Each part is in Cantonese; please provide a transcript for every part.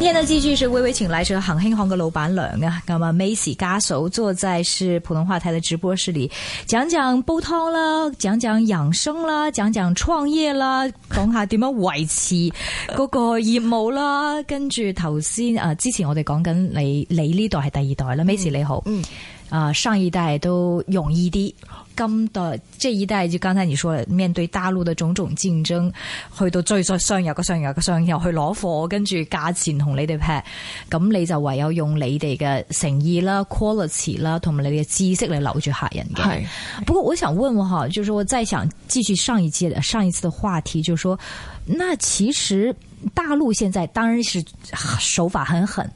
今日的繼續是微微請來者恆興行嘅老闆娘啊，咁啊 Maisie 家嫂坐在是普通話台嘅直播室裏，講講煲湯啦，講講養生啦，講講創業啦，講下點樣維持嗰個業務啦， 跟住頭先啊，之前我哋講緊你，你呢代係第二代啦 Maisie 你好。嗯啊、呃，上一代都容易啲，今代這一代就剛才你說了，面對大陸的種種競爭，去到最最上游嘅上游嘅上游去攞貨，跟住價錢同你哋劈，咁你就唯有用你哋嘅誠意啦、quality 啦，同埋你嘅知識嚟留住客人嘅。係是，不過我想問問哈，就是我再想繼續上一屆上一次嘅話題，就是說，那其實大陸現在當然是手法很狠。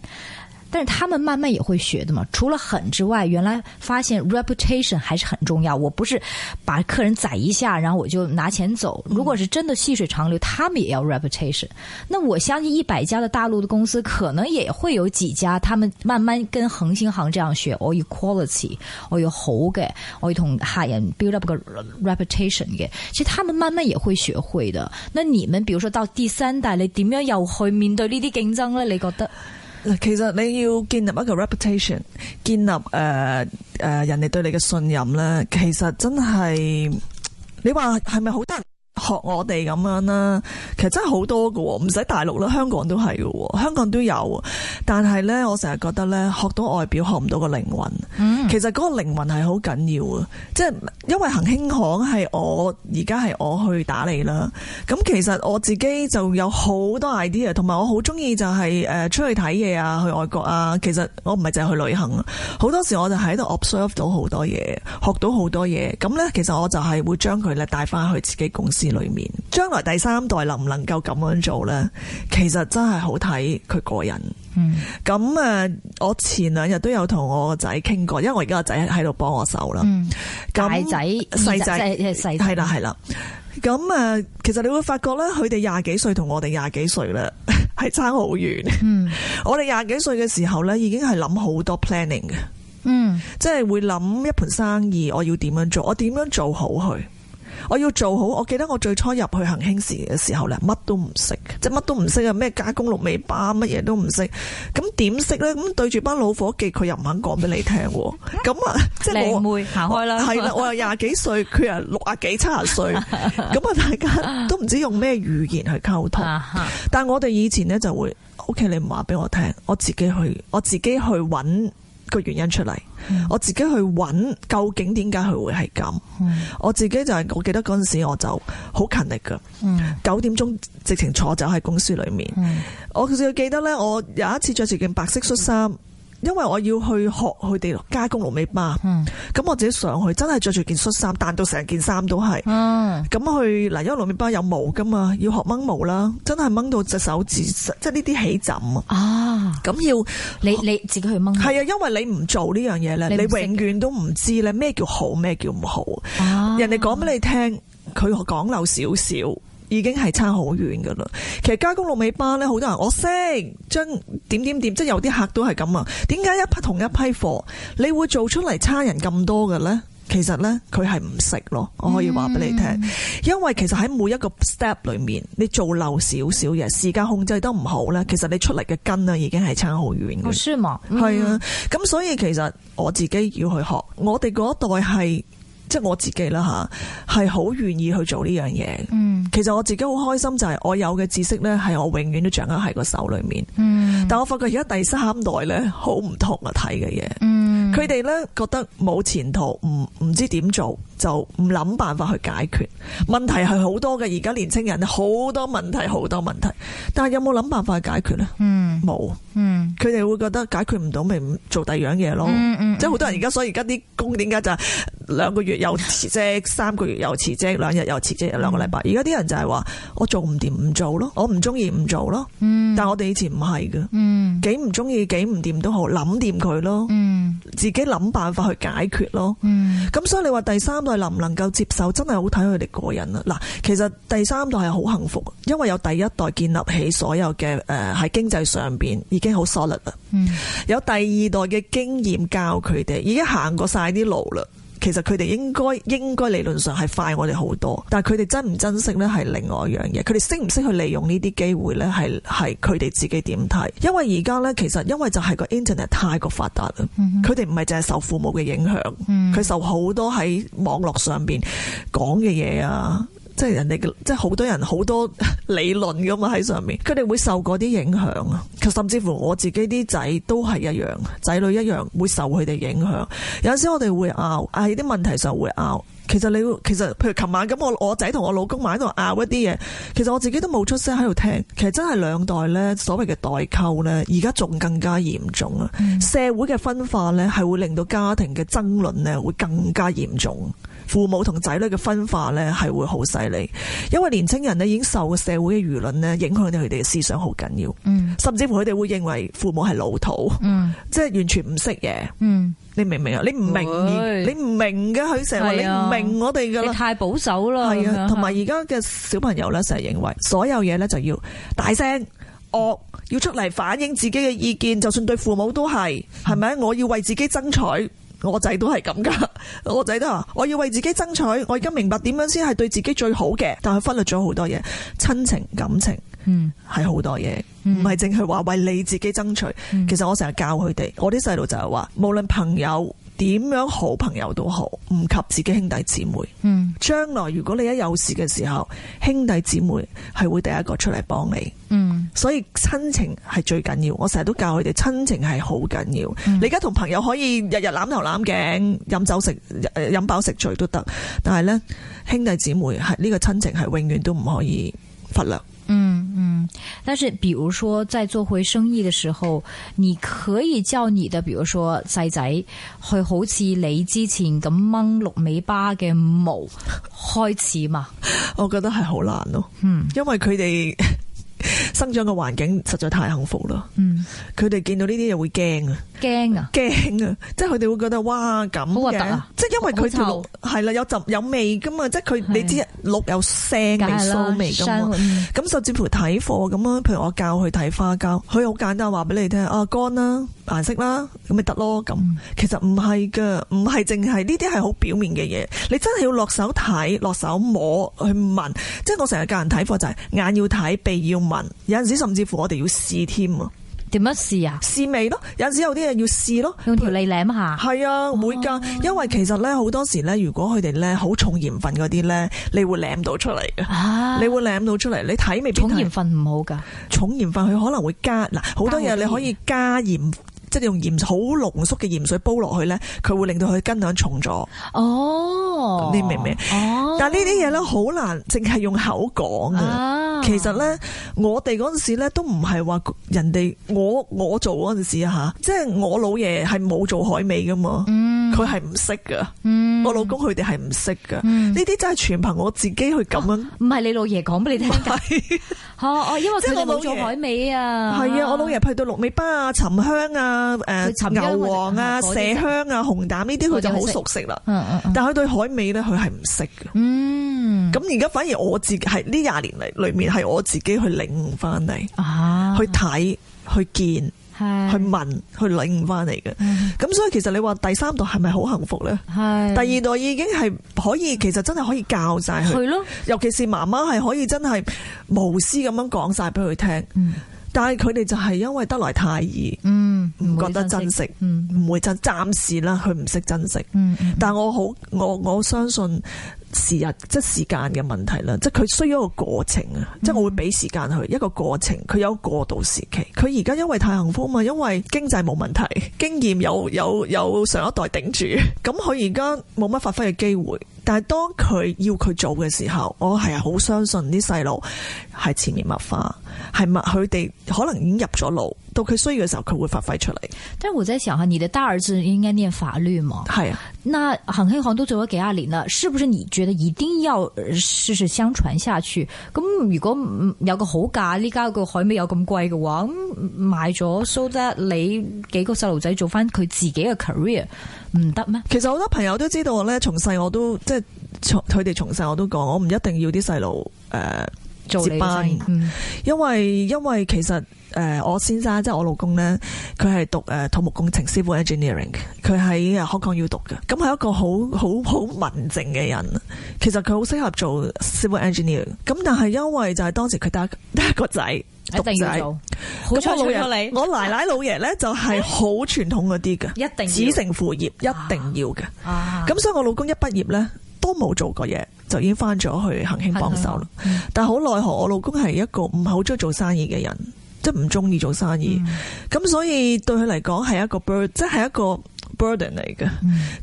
但是他們慢慢也會學的嘛，除了狠之外，原來發現 reputation 還是很重要。我不是把客人宰一下，然後我就拿錢走。如果是真的細水長流，他們也要 reputation。嗯、那我相信一百家的大陸的公司，可能也會有幾家，他們慢慢跟恒星行這樣學，我有 quality，我有好嘅，我同客人 build up 個 reputation 嘅。其實他們慢慢也會學會的。那你們比如說到第三代，你點樣又去面對呢啲競爭呢？你覺得？嗱，其實你要建立一個 reputation，建立誒誒、呃呃、人哋對你嘅信任咧，其實真係你話係咪好得？學我哋咁樣啦，其實真係好多噶，唔使大陸啦，香港都係噶，香港都有。但係咧，我成日覺得咧，學到外表，學唔到個靈魂。Mm. 其實嗰個靈魂係好緊要啊，即係因為恒興行係我，而家係我去打理啦。咁其實我自己就有好多 idea，同埋我好中意就係誒出去睇嘢啊，去外國啊。其實我唔係淨係去旅行，好多時我就喺度 observe 到好多嘢，學到好多嘢。咁咧，其實我就係會將佢咧帶翻去自己公司。裏面將來第三代能唔能夠咁樣做呢？其實真係好睇佢個人。嗯，咁啊，我前兩日都有同我個仔傾過，因為我而家個仔喺度幫我手啦。嗯，那大仔、細仔、細仔，係啦，係啦。咁啊，其實你會發覺呢，佢哋廿幾歲同我哋廿幾歲咧，係差好遠。我哋廿幾歲嘅時候呢，已經係諗好多 planning 嘅。嗯，即係會諗一盤生意，我要點樣做，我點樣做好佢？我要做好，我記得我最初入去行興時嘅時候咧，乜都唔識，即係乜都唔識啊！咩加工六尾巴，乜嘢都唔識。咁點識咧？咁對住班老伙計，佢又唔肯講俾你聽喎。咁啊， 即係我，行開啦，係啦，我又廿幾歲，佢又六啊幾七啊歲，咁啊，大家都唔知用咩語言去溝通。 但係我哋以前咧就會，OK，你唔話俾我聽，我自己去，我自己去揾個原因出嚟，嗯、我自己去揾究竟點解佢會係咁，嗯、我自己就係、是、我記得嗰陣時，我就好勤力㗎，嗯、九點鐘直情坐走喺公司裏面，嗯、我仲要記得呢，我有一次着住件白色恤衫。嗯因為我要去學佢哋加工龍尾巴，咁、嗯、我自己上去真係着住件恤衫，彈到成件衫都係咁、嗯、去嗱。因為龍尾巴有毛噶嘛，要學掹毛啦，真係掹到隻手指，即係呢啲起枕啊。咁要你你自己去掹係啊，因為你唔做呢樣嘢咧，你，你永遠都唔知咧咩叫好，咩叫唔好。啊、人哋講俾你聽，佢講漏少少。已經係差好遠嘅啦。其實加工六尾班咧，好多人我識將點點點，即係有啲客都係咁啊。點解一批同一批貨，你會做出嚟差人咁多嘅咧？其實咧，佢係唔識咯。我可以話俾你聽，嗯、因為其實喺每一個 step 裏面，你做漏少少嘢，時間控制得唔好咧，其實你出嚟嘅根、嗯、啊，已經係差好遠好舒啊！係啊，咁所以其實我自己要去學。我哋嗰一代係。即係我自己啦，吓，係好願意去做呢樣嘢。嗯，其實我自己好開心，就係我有嘅知識咧，係我永遠都掌握喺個手裏面。嗯，但我發覺而家第三代咧，好唔同啊，睇嘅嘢。嗯，佢哋咧覺得冇前途，唔唔知點做。就唔諗辦法去解決問題係好多嘅，而家年青人好多問題，好多問題，但係有冇諗辦法去解決呢？嗯，冇。嗯，佢哋會覺得解決唔到，咪唔做第二樣嘢咯。嗯嗯，即係好多人而家，所以而家啲工點解就係兩個月又辭職，三個月又辭職，兩日又辭職，兩個禮拜。而家啲人就係話我做唔掂唔做咯，我唔中意唔做咯。做咯。嗯，但係我哋以前唔係嘅。嗯，幾唔中意幾唔掂都好，諗掂佢咯。自己諗辦法去解決咯，咁、嗯、所以你話第三代能唔能夠接受，真係好睇佢哋個人啦。嗱，其實第三代係好幸福，因為有第一代建立起所有嘅誒，喺經濟上邊已經好 solid 啦，嗯、有第二代嘅經驗教佢哋，已經行過晒啲路啦。其實佢哋應該應該理論上係快我哋好多，但係佢哋珍唔珍惜呢係另外一樣嘢，佢哋識唔識去利用呢啲機會呢？係係佢哋自己點睇？因為而家呢，其實因為就係個 internet 太過發達啦，佢哋唔係淨係受父母嘅影響，佢、mm hmm. 受好多喺網絡上邊講嘅嘢啊。即係人哋，即係好多人，好多 理論噶嘛喺上面，佢哋會受嗰啲影響啊。甚至乎我自己啲仔都係一樣，仔女一樣會受佢哋影響。有陣時我哋會拗，喺啲問題就會拗。其實你，其實譬如琴晚咁，我我仔同我老公喺度拗一啲嘢，其實我自己都冇出聲喺度聽。其實真係兩代咧，所謂嘅代溝咧，而家仲更加嚴重啊！嗯、社會嘅分化咧，係會令到家庭嘅爭論咧，會更加嚴重。父母同仔女嘅分化咧，係會好犀利，因為年青人咧已經受社會嘅輿論咧影響到佢哋嘅思想好緊要，嗯、甚至乎佢哋會認為父母係老土，嗯、即係完全唔識嘢。你明唔喂明啊？你唔明，你唔明嘅，佢成日話你唔明我哋噶啦，太保守啦，係啊。同埋而家嘅小朋友咧，成日認為所有嘢咧就要大聲，惡要出嚟反映自己嘅意見，就算對父母都係，係咪、嗯？我要為自己爭取。我仔都係咁噶，我仔都話我要為自己爭取，我而家明白點樣先係對自己最好嘅，但係忽略咗好多嘢，親情、感情，嗯，係好多嘢，唔係淨係話為你自己爭取。其實我成日教佢哋，我啲細路就係話，無論朋友。點樣好朋友都好，唔及自己兄弟姊妹。嗯、將來，如果你一有事嘅時候，兄弟姊妹係會第一個出嚟幫你。嗯、所以親情係最緊要。我成日都教佢哋，親情係好緊要。嗯、你而家同朋友可以日日攬頭攬頸，飲酒食，呃、飲飽食醉都得，但係呢，兄弟姊妹係呢個親情係永遠都唔可以忽略。嗯，但是，比如說在做回生意的時候，你可以叫你的，比如說細仔，去好似你之前咁掹六尾巴嘅毛開始嘛？ 我覺得係好難咯。嗯，因為佢哋。生長嘅環境實在太幸福啦。佢哋、嗯、見到呢啲嘢會驚啊，驚啊，驚啊，即係佢哋會覺得哇咁嘅，即係因為佢條綠係啦，有陣有味噶嘛，即係佢你知綠有腥味、騷味噶嘛。咁甚至乎睇貨咁咯，譬如我教佢睇花膠，佢好簡單，話俾你聽啊乾啦，顏色啦，咁咪得咯。咁、嗯、其實唔係嘅，唔係淨係呢啲係好表面嘅嘢，你真係要落手睇，落手摸，去聞。即係我成日教人睇貨就係、是、眼要睇，鼻要聞。有陣時甚至乎我哋要試添啊？點樣試啊？試味咯，有陣時有啲嘢要試咯，用條脷舐下。係啊，會噶，因為其實咧好多時咧，如果佢哋咧好重鹽分嗰啲咧，你會舐到出嚟嘅、啊，你會舐到出嚟。你睇未必重鹽分唔好噶，重鹽分佢可能會加嗱，好多嘢你可以加鹽。即係用鹽好濃縮嘅鹽水煲落去咧，佢會令到佢斤量重咗。哦，你明唔明？哦，但係呢啲嘢咧好難，淨係用口講嘅。哦、其實咧，我哋嗰陣時咧都唔係話人哋我我做嗰陣時啊嚇，即係我老爺係冇做海味噶嘛。嗯佢係唔識噶，我老公佢哋係唔識噶，呢啲真係全憑我自己去咁樣。唔係你老爺講俾你聽噶，哦，因為即係我冇做海味啊，係啊，我老爺去到鹿尾巴啊、沉香啊、誒牛黃啊、麝香啊、紅膽呢啲佢就好熟悉啦。但係佢對海味咧，佢係唔識噶。嗯，咁而家反而我自己係呢廿年嚟裏面係我自己去領悟翻嚟，啊，去睇去見。去問去領悟翻嚟嘅，咁的所以其實你話第三代係咪好幸福呢？係的第二代已經係可以，其實真係可以教晒佢，咯的。尤其是媽媽係可以真係無私咁樣講晒俾佢聽，嗯、但係佢哋就係因為得來太易，嗯，唔覺得珍惜，唔會珍，暫時啦，佢唔識珍惜，嗯嗯、但係我好，我我相信。時日即時間嘅問題啦，即係佢需要一個過程啊，嗯、即係我會俾時間佢一個過程，佢有過渡時期。佢而家因為太幸福嘛，因為經濟冇問題，經驗有有有上一代頂住，咁佢而家冇乜發揮嘅機會。但係當佢要佢做嘅時候，我係好相信啲細路係潛移默化，係咪？佢哋可能已經入咗路。到佢需要嘅時候，佢會發揮出嚟。但係我在想哈，你的大兒子應該念法律嘛？係是啊，那恒興行都做咗幾廿年啦，是不是你覺得一定要世世相傳下去？咁如果有個好價，呢家個海味有咁貴嘅話，咁買咗收得你幾個細路仔做翻佢自己嘅 career 唔得咩？其實好多朋友都知道咧，從細我都即係，佢哋從細我都講，我唔一定要啲細路誒做班，嗯、因為因為其實。誒，我先生即係我老公咧，佢係讀誒土木工程 （Civil Engineering），佢喺香港要讀嘅。咁係一個好好好文靜嘅人，其實佢好適合做 Civil Engineering。咁但係因為就係當時佢得得一個仔，一定咁小我老爺你我，我奶奶老爺咧就係好傳統嗰啲嘅，一定子承父業，一定要嘅。咁、啊啊、所以，我老公一畢業咧都冇做過嘢，就已經翻咗去恒興幫手啦。興嗯、但係好奈何，我老公係一個唔係好鍾意做生意嘅人。即係唔中意做生意，咁、嗯、所以對佢嚟講係一個 burden 即係一個 burden 嚟嘅。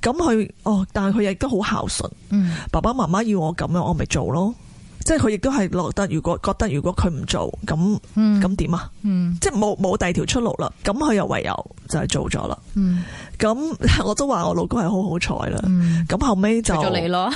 咁佢、嗯、哦，但係佢亦都好孝順，嗯、爸爸媽媽要我咁樣，我咪做咯。即係佢亦都係落得，如果覺得如果佢唔做咁，咁點啊？即係冇冇第二條出路啦。咁佢又唯有就係做咗啦。咁我都話我老公係好好彩啦。咁後尾就你咯，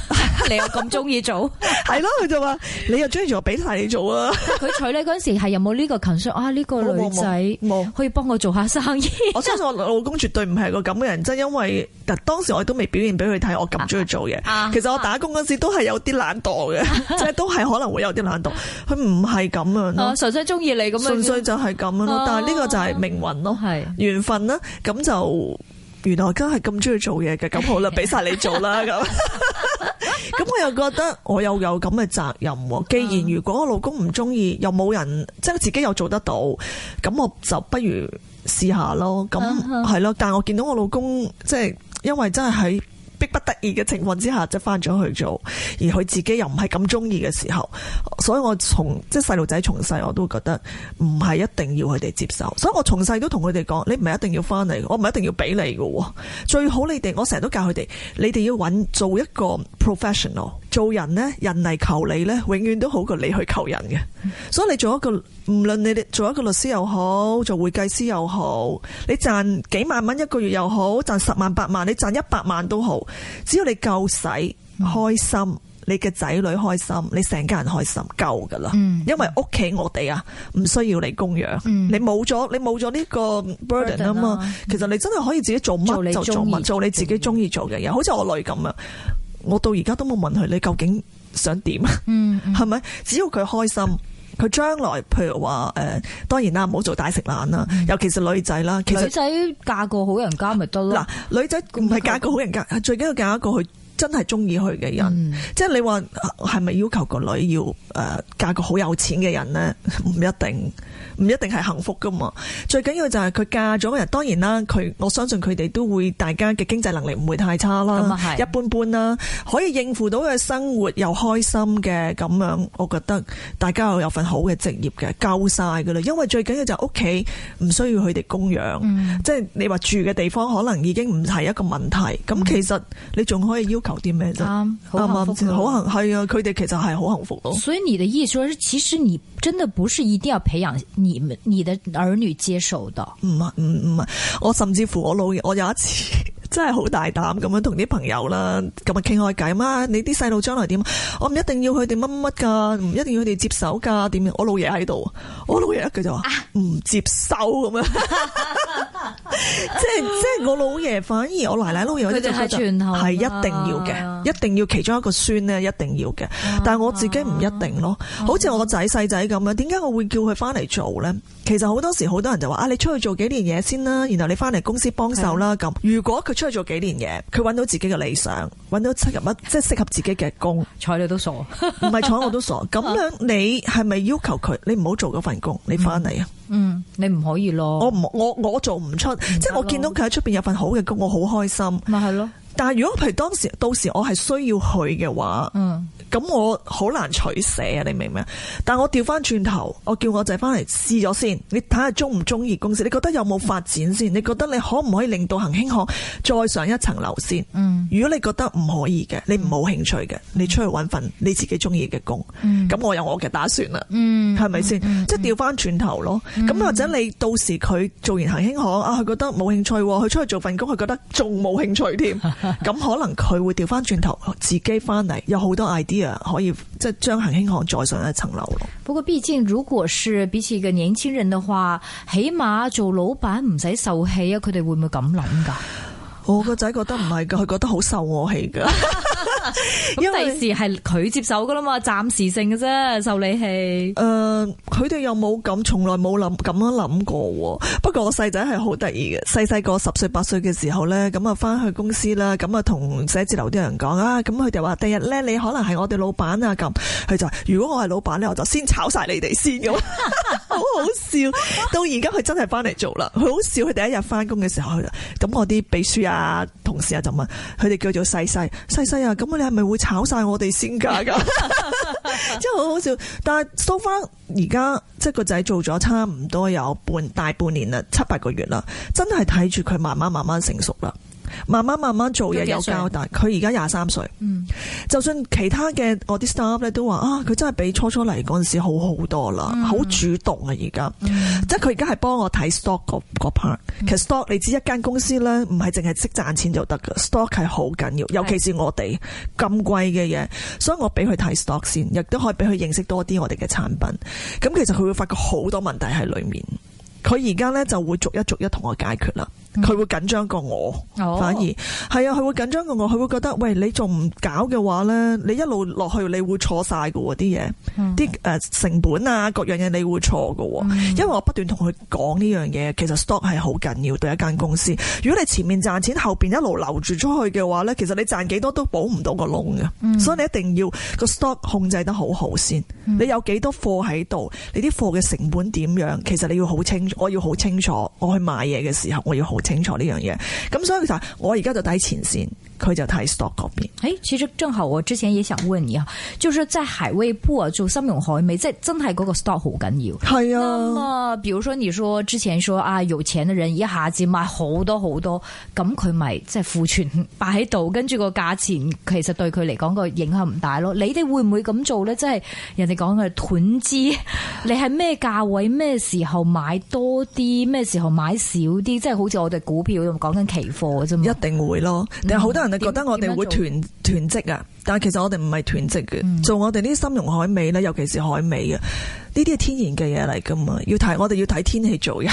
你又咁中意做，係咯？佢就話你又中意做，俾晒你做啊！佢娶你嗰陣時係有冇呢個 concern 啊？呢個女仔冇可以幫我做下生意。我相信我老公絕對唔係個咁嘅人，即係因為當時我都未表現俾佢睇我咁中意做嘢。其實我打工嗰陣時都係有啲懶惰嘅，即係都。係可能會有啲難度，佢唔係咁樣咯。純粹中意你咁樣，純、啊、粹，粹就係咁樣咯。啊、但係呢個就係命運咯，係緣、啊、分啦。咁就原來真係咁中意做嘢嘅。咁是的 好啦，俾晒你做啦。咁， 咁我又覺得我又有咁嘅責任。既然如果我老公唔中意，又冇人即係自己又做得到，咁我就不如試下咯。咁係咯，但係我見到我老公即係，因為真係喺。迫不得已嘅情況之下，即係翻咗去做，而佢自己又唔係咁中意嘅時候，所以我從即係細路仔從細我都覺得唔係一定要佢哋接受，所以我從細都同佢哋講，你唔係一定要翻嚟，我唔係一定要俾你嘅，最好你哋，我成日都教佢哋，你哋要揾做一個 professional，做人呢，人嚟求你呢，永遠都好過你去求人嘅，所以你做一個。無論你哋做一個律師又好，做會計師又好，你賺幾萬蚊一個月又好，賺十萬、八萬，你賺一百萬都好，只要你夠使，開心，你嘅仔女開心，你成家人開心，夠噶啦。嗯、因為屋企我哋啊，唔需要你供養、嗯，你冇咗，你冇咗呢個 burden 啊、嗯、嘛。其實你真係可以自己做乜就做乜，做你，做你自己中意做嘅嘢。好似我女咁啊，我到而家都冇問佢你究竟想點，係咪？只要佢開心。佢將來譬如話誒、呃，當然啦，唔好做大食懶啦，尤其是女仔啦。其實女仔嫁個好人家咪得咯。嗱，女仔唔係嫁個好人家，竟最緊要嫁一個佢真係中意佢嘅人。嗯、即係你話係咪要求個女要誒嫁個好有錢嘅人咧？唔一定。唔一定係幸福噶嘛，最緊要就係佢嫁咗嘅人，當然啦，佢我相信佢哋都會大家嘅經濟能力唔會太差啦，嗯、一般般啦，可以應付到佢嘅生活又開心嘅咁樣，我覺得大家又有份好嘅職業嘅，夠晒噶啦。因為最緊要就屋企唔需要佢哋供養，嗯、即係你話住嘅地方可能已經唔係一個問題。咁、嗯、其實你仲可以要求啲咩啫？好、嗯、幸福，好 幸係啊，佢哋 其實係好幸福咯。所以你的意思就是其實你真的不是一定要培養。你們，你的兒女接受到？唔係唔唔係，我甚至乎我老我有一次。 真係好大膽咁樣同啲朋友啦，今日傾開偈啊！你啲細路將來點？我唔一定要佢哋乜乜噶，唔一定要佢哋接手噶，點？我老爺喺度，我老爺佢就話唔、啊、接收咁樣， 即係即係我老爺反而我奶奶老爺咧就係、是、係一定要嘅，啊、一定要其中一個孫咧一定要嘅，啊、但係我自己唔一定咯。啊、好似我個仔細仔咁樣，點解我會叫佢翻嚟做咧？其實好多時好多人就話啊，你出去做幾年嘢先啦、啊，然後你翻嚟公司幫手啦咁。的如果佢出去做幾年嘢，佢揾到自己嘅理想，揾到七入一，即係適合自己嘅工。睬 你都傻，唔係睬我都傻。咁樣你係咪要求佢？你唔好做嗰份工，你翻嚟啊？嗯，你唔可以咯。我唔我我做唔出，即係我見到佢喺出邊有份好嘅工，我好開心。咪係咯。但係如果譬如當時到時我係需要佢嘅話，嗯。咁我好難取捨啊，你明唔明啊？但我調翻轉頭，我叫我仔翻嚟試咗先，你睇下中唔中意公司，你覺得有冇發展先？嗯、你覺得你可唔可以令到恒興行再上一層樓先？嗯、如果你覺得唔可以嘅，你冇興趣嘅，你出去搵份你自己中意嘅工，咁、嗯、我有我嘅打算啦，係咪先？是是即係調翻轉頭咯。咁、嗯、或者你到時佢做完恒興行、嗯、啊，佢覺得冇興趣，佢出去做份工，佢覺得仲冇興趣添。咁 可能佢會調翻轉頭自己翻嚟，有好多 idea。可以即係將行興行再上一層樓咯。不過畢竟，如果是比起嘅年輕人的話，起碼做老闆唔使受氣啊！佢哋會唔會咁諗噶？我個仔覺得唔係噶，佢覺得好受我氣噶。 因為第時係佢接手噶啦嘛，暫時性嘅啫受你氣。誒、呃，佢哋又冇咁，從來冇諗咁樣諗過。不過我細仔係好得意嘅，細細個十歲八歲嘅時候咧，咁啊翻去公司啦，咁啊同寫字樓啲人講啊，咁佢哋話第日咧你可能係我哋老闆啊，咁佢就話如果我係老闆咧，我就先炒晒你哋先咁，好 好笑。到而家佢真係翻嚟做啦佢好少，佢第一日翻工嘅時候，去啦咁我啲秘書啊、同事啊就問佢哋叫做細細細細啊，咁、啊。你係咪會炒晒我哋先噶？咁 真係好好笑。但係數返而家，即係個仔做咗差唔多有半大半年啦，七八個月啦，真係睇住佢慢慢慢慢成熟啦。慢慢慢慢做嘢有交代，佢而家廿三歲，歲嗯、就算其他嘅我啲 staff 咧都話啊，佢真係比初初嚟嗰陣時好好多啦，好、嗯、主動啊！而家、嗯、即係佢而家係幫我睇 stock 個 part，、嗯、其實 stock 你知一間公司咧唔係淨係識賺錢就得嘅，stock 係好緊要，尤其是我哋咁貴嘅嘢，所以我俾佢睇 stock 先，亦都可以俾佢認識多啲我哋嘅產品。咁其實佢會發覺好多問題喺裏面，佢而家咧就會逐一逐一同我解決啦。佢會緊張、oh. 啊、過我，反而係啊，佢會緊張過我。佢會覺得，喂，你仲唔搞嘅話呢？你一路落去你會錯晒噶啲嘢，啲、mm. 呃、成本啊各樣嘢你會錯噶。Mm. 因為我不斷同佢講呢樣嘢，其實 stock 係好緊要對一間公司。如果你前面賺錢，後邊一路留住出去嘅話呢，其實你賺幾多都補唔到個窿嘅。Mm. 所以你一定要個 stock 控制得好好先。Mm. 你有幾多貨喺度？你啲貨嘅成本點樣？其實你要好清楚，我要好清、清楚。我去買嘢嘅時候，我要好。清楚呢樣嘢，咁所以其實我而家就睇前線。佢就睇 stock 嗰邊，誒、欸，其實正好我之前也想問你，啊，就算是在海味部、啊、做深融海味，即、就、係、是、真係嗰個 stock 好緊要。係啊，啊，比如說你說之前說啊，有錢嘅人一下子買好多好多，咁佢咪即係庫存擺喺度，跟住個價錢其實對佢嚟講個影響唔大咯。你哋會唔會咁做咧？即、就、係、是、人哋講嘅囤資，你係咩價位、咩時候買多啲，咩時候買少啲？即、就、係、是、好似我哋股票咁講緊期貨啫嘛，一定會咯。但係好多人、嗯。你覺得我哋會囤囤積啊？但係其實我哋唔係囤積嘅。嗯、做我哋呢啲參茸海味咧，尤其是海味嘅，呢啲係天然嘅嘢嚟噶嘛。要睇我哋要睇天氣做人，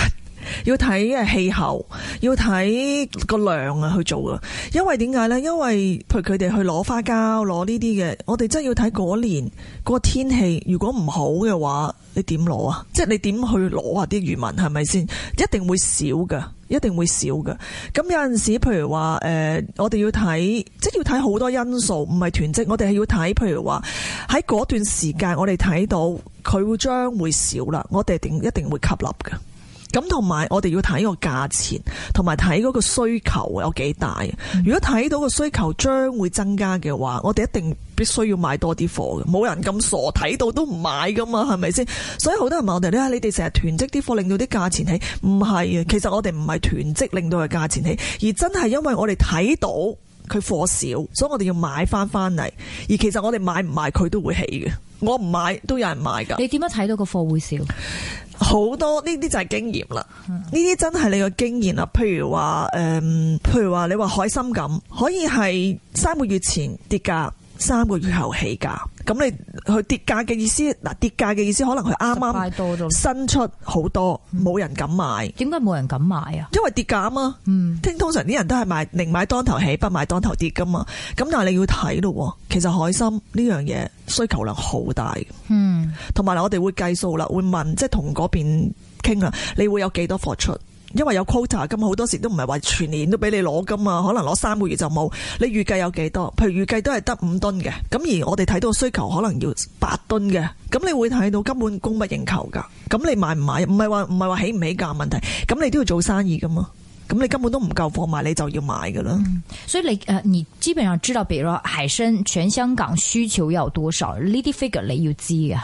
要睇誒氣候，要睇個量啊去做啊。因為點解咧？因為陪佢哋去攞花膠攞呢啲嘅，我哋真係要睇嗰年嗰、嗰個天氣。如果唔好嘅話，你點攞啊？即、就、係、是、你點去攞啊？啲漁民係咪先？一定會少噶。一定會少嘅，咁有陣時，譬如話誒、呃，我哋要睇，即係要睇好多因素，唔係囤積，我哋係要睇，譬如話，喺嗰段時間，我哋睇到佢會將會少啦，我哋定一定會吸納嘅。咁同埋，我哋要睇個價錢，同埋睇嗰個需求有幾大。如果睇到個需求將會增加嘅話，我哋一定必須要買多啲貨嘅。冇人咁傻睇到都唔買㗎嘛，係咪先？所以好多人問我哋咧：「你哋成日囤積啲貨，令到啲價錢起？唔係啊，其實我哋唔係囤積令到佢價錢起，而真係因為我哋睇到佢貨少，所以我哋要買返返嚟。而其實我哋買唔買佢都會起嘅。我唔買都有人買㗎。你點樣睇到個貨會少？好多呢啲就係經驗啦，呢啲真係你個經驗啦。譬如話，誒、呃，譬如話你話海參咁，可以係三個月前跌價。三個月後起價，咁你佢跌價嘅意思嗱？跌價嘅意思可能佢啱啱新出好多，冇人敢買，點解冇人敢買啊？因為跌價啊嘛，嗯，聽通常啲人都係買，寧買當頭起，不買當頭跌噶嘛。咁但係你要睇咯，其實海參呢樣嘢需求量好大，嗯，同埋我哋會計數啦，會問即係同嗰邊傾啊，你會有幾多貨出？因為有 quota，咁好多時都唔係話全年都俾你攞金啊，可能攞三個月就冇。你預計有幾多？譬如預計都係得五噸嘅，咁而我哋睇到需求可能要八噸嘅，咁你會睇到根本供不應求㗎。咁你買唔買？唔係話唔係話起唔起價問題，咁你都要做生意噶嘛。咁你根本都唔夠貨賣，你就要買噶啦、嗯。所以你誒，你基本上知道，比如話海參，全香港需求要多少？呢啲 figure 你要知嘅，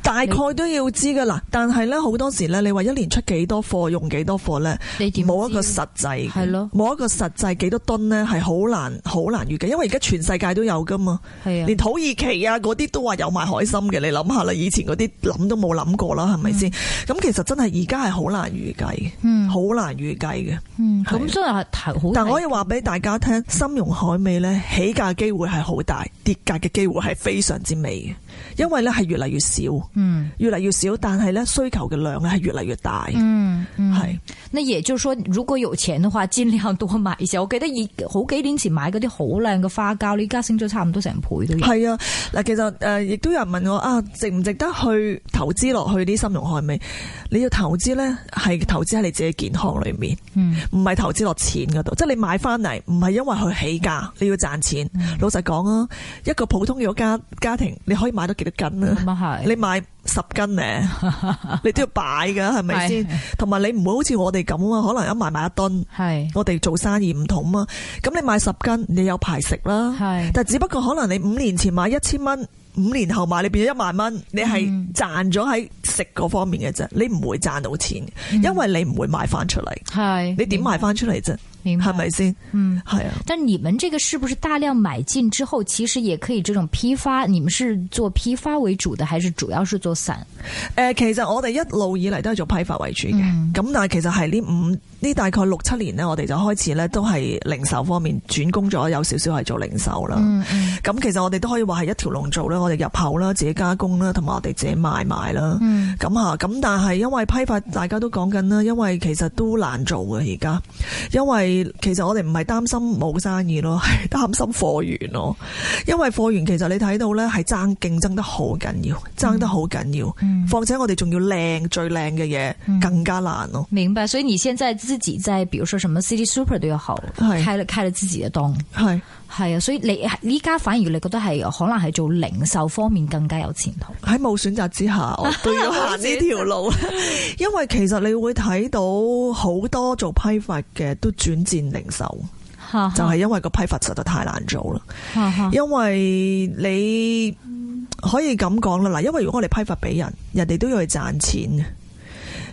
大概都要知噶啦。但係咧，好多時咧，你話一年出幾多貨，用幾多貨咧，冇一個實際，係咯，冇一個實際幾多噸咧，係好難好難預計。因為而家全世界都有噶嘛，係啊，連土耳其啊嗰啲都話有賣海參嘅。你諗下啦，以前嗰啲諗都冇諗過啦，係咪先？咁、嗯、其實真係而家係好難預計，好難預計嘅。嗯嗯，咁所以係好，但可以話俾大家聽，嗯、深融海味咧，起價機會係好大，跌價嘅機會係非常之美嘅。因為咧係越嚟越少，嗯，越嚟越少，但係咧需求嘅量咧係越嚟越大，嗯，係、嗯。是那也就是說，如果有錢嘅話，盡量多買一。而且我記得以好幾年前買嗰啲好靚嘅花膠，呢家升咗差唔多成倍都。係啊，嗱，其實誒，亦都有人問我啊，值唔值得去投資落去啲金融行業？你要投資咧，係投資喺你自己健康裏面，唔係、嗯、投資落錢嗰度。嗯、即係你買翻嚟，唔係因為佢起價，你要賺錢。嗯、老實講啊，一個普通嘅家家庭，你可以買。得幾多斤啊？嗯、你買十斤呢、啊？ 你都要擺噶，係咪先？同埋是你唔會好似我哋咁啊？可能買一買買一噸，係是我哋做生意唔同啊。咁你買十斤，你有排食啦。係是，但只不過可能你五年前買一千蚊，五年後買你變咗一萬蚊，你係賺咗喺食嗰方面嘅啫。你唔會賺到錢，嗯、因為你唔會賣翻出嚟。係是，你點賣翻出嚟啫？明白係咪先？是是嗯，係啊。但係你們這個是不是大量買進之後，其實也可以這種批發？你們是做批發為主的，還是主要是做散？誒、呃，其實我哋一路以嚟都係做批發為主嘅。咁、嗯、但係其實係呢五呢大概六七年咧，我哋就開始咧都係零售方面轉工咗，有少少係做零售啦。咁、嗯嗯、其實我哋都可以話係一條龍做啦，我哋入口啦，自己加工啦，同埋我哋自己賣賣啦。咁吓、嗯，咁但係因為批發大家都講緊啦，因為其實都難做嘅而家，因為。因為其實我哋唔係擔心冇生意咯，係擔心貨源咯。因為貨源其實你睇到咧，係爭競爭得好緊要，爭得好緊要。況、嗯、且我哋仲要靚，最靚嘅嘢更加難咯、嗯。明白，所以你現在自己在，比如說什麼 City Super 都要好，開了開了自己的檔，係。係啊，所以你依家反而你覺得係可能係做零售方面更加有前途。喺冇選擇之下，都要行呢條路。 因為其實你會睇到好多做批發嘅都轉戰零售， 就係因為個批發實在太難做啦。 因為你可以咁講啦，嗱，因為如果我哋批發俾人，人哋都要去賺錢嘅，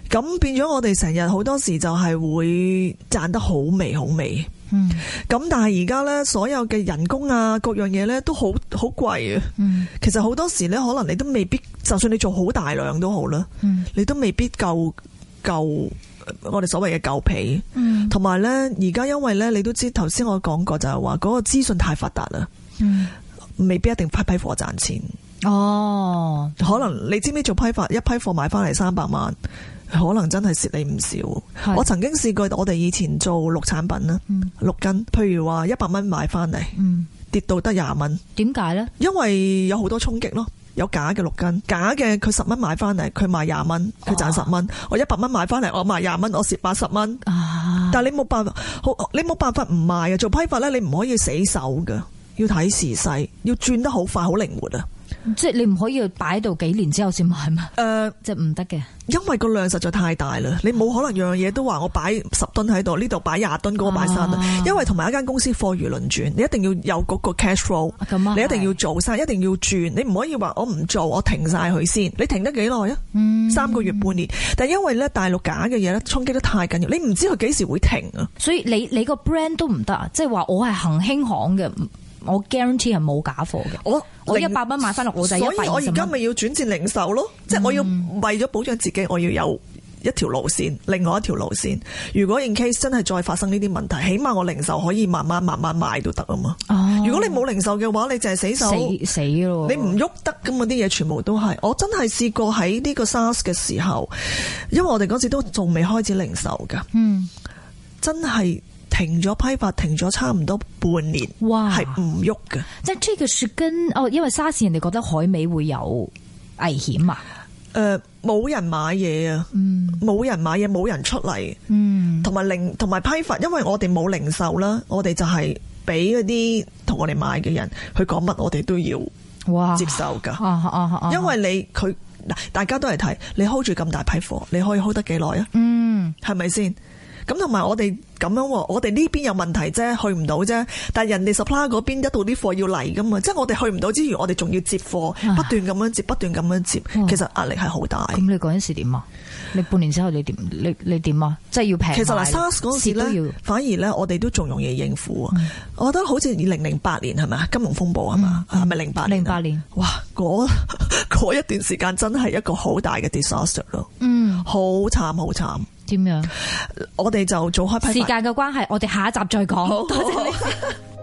咁變咗我哋成日好多時就係會賺得好微好微。嗯，咁但係而家咧，所有嘅人工啊，各樣嘢咧都好好貴啊。貴，嗯，其實好多時咧，可能你都未必，就算你做好大量都好啦。嗯，你都未必夠夠我哋所謂嘅夠皮。嗯，同埋咧，而家因為咧，你都知頭先我講過就係話嗰個資訊太發達啦。嗯，未必一定批批貨賺錢。哦，可能你知唔知做批發一批貨買翻嚟三百萬？可能真係蝕你唔少。是我曾經試過，我哋以前做綠產品啦，六斤，嗯，譬如話一百蚊買翻嚟，嗯，跌到得廿蚊，點解呢？因為有好多衝擊咯，有假嘅六斤，假嘅佢十蚊買翻嚟，佢賣廿蚊，佢賺十蚊。我一百蚊買翻嚟，我賣廿蚊，我蝕八十蚊。但係你冇辦法，好你冇辦法唔賣嘅，做批發呢，你唔可以死守噶，要睇時勢，要轉得好快，好靈活啊！即係你唔可以擺到幾年之後先買嘛？誒、呃，即唔得嘅，因為個量實在太大啦，啊、你冇可能樣樣嘢都話我擺十噸喺度，呢度擺廿噸，嗰度擺三噸，因為同埋一間公司貨如輪轉，你一定要有嗰個 cash flow，啊啊、你一定要做晒，一定要轉，你唔可以話我唔做，我停晒佢先，你停得幾耐啊？嗯、三個月、半年，但因為咧大陸假嘅嘢咧衝擊得太緊要，你唔知佢幾時會停啊，所以你你個 brand 都唔得，即係話我係恒興行嘅。我 guarantee 係冇假貨嘅，我零我一百蚊買翻落我仔。所以我而家咪要轉戰零售咯，嗯、即係我要為咗保障自己，我要有一條路線，另外一條路線。如果 in case 真係再發生呢啲問題，起碼我零售可以慢慢慢慢賣都得啊嘛。哦，如果你冇零售嘅話，你淨係死死死咯，你唔喐得咁啊，啲嘢全部都係。我真係試過喺呢個 SARS 嘅時候，因為我哋嗰時都仲未開始零售噶，嗯，真係。停咗批發，停咗差唔多半年，哇，係唔喐嘅。即係即個雪根哦，因為沙士人哋覺得海味會有危險，呃、啊。誒、嗯，冇人買嘢啊，嗯，冇人買嘢，冇人出嚟。嗯，同埋零同埋批發，因為我哋冇零售啦，我哋就係俾嗰啲同我哋買嘅人去講乜，我哋都要哇接受噶。啊啊啊、因為你佢嗱，大家都係睇你 hold 住咁大批貨，你可以 hold 得幾耐啊？嗯，係咪先？ 咁同埋我哋咁樣喎，我哋呢邊有問題啫，去唔到啫。但係人哋 supply 嗰邊一度啲貨要嚟噶嘛，即係我哋去唔到之餘，我哋仲要接貨，不斷咁樣接，不斷咁樣接，其實壓力係好大。咁、嗯、你嗰陣時點啊？你半年之後你點？你你點啊？即係要平。其實嗱 SARS 嗰時咧，反而咧，我哋都仲容易應付。啊、嗯。我覺得好似二零零八年係咪啊，金融風暴啊嘛，係咪零八？零八年，嗯嗯、年哇，嗰 一段時間真係一個好大嘅 disaster 咯。嗯，好慘，好慘。點樣？我哋就早開批。時間嘅關係，我哋下一集再講。好，多謝你。